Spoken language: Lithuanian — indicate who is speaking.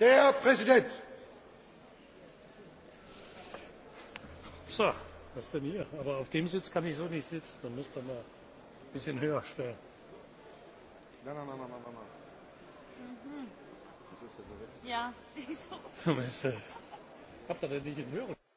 Speaker 1: Der Präsident! So, was denn hier? Aber auf dem Sitz kann ich so nicht sitzen. Da müsste man ein bisschen höher stellen.
Speaker 2: Nein, nein, nein, nein, nein, nein. Mhm. Ja, wieso? Habt ihr denn nicht einen höheren?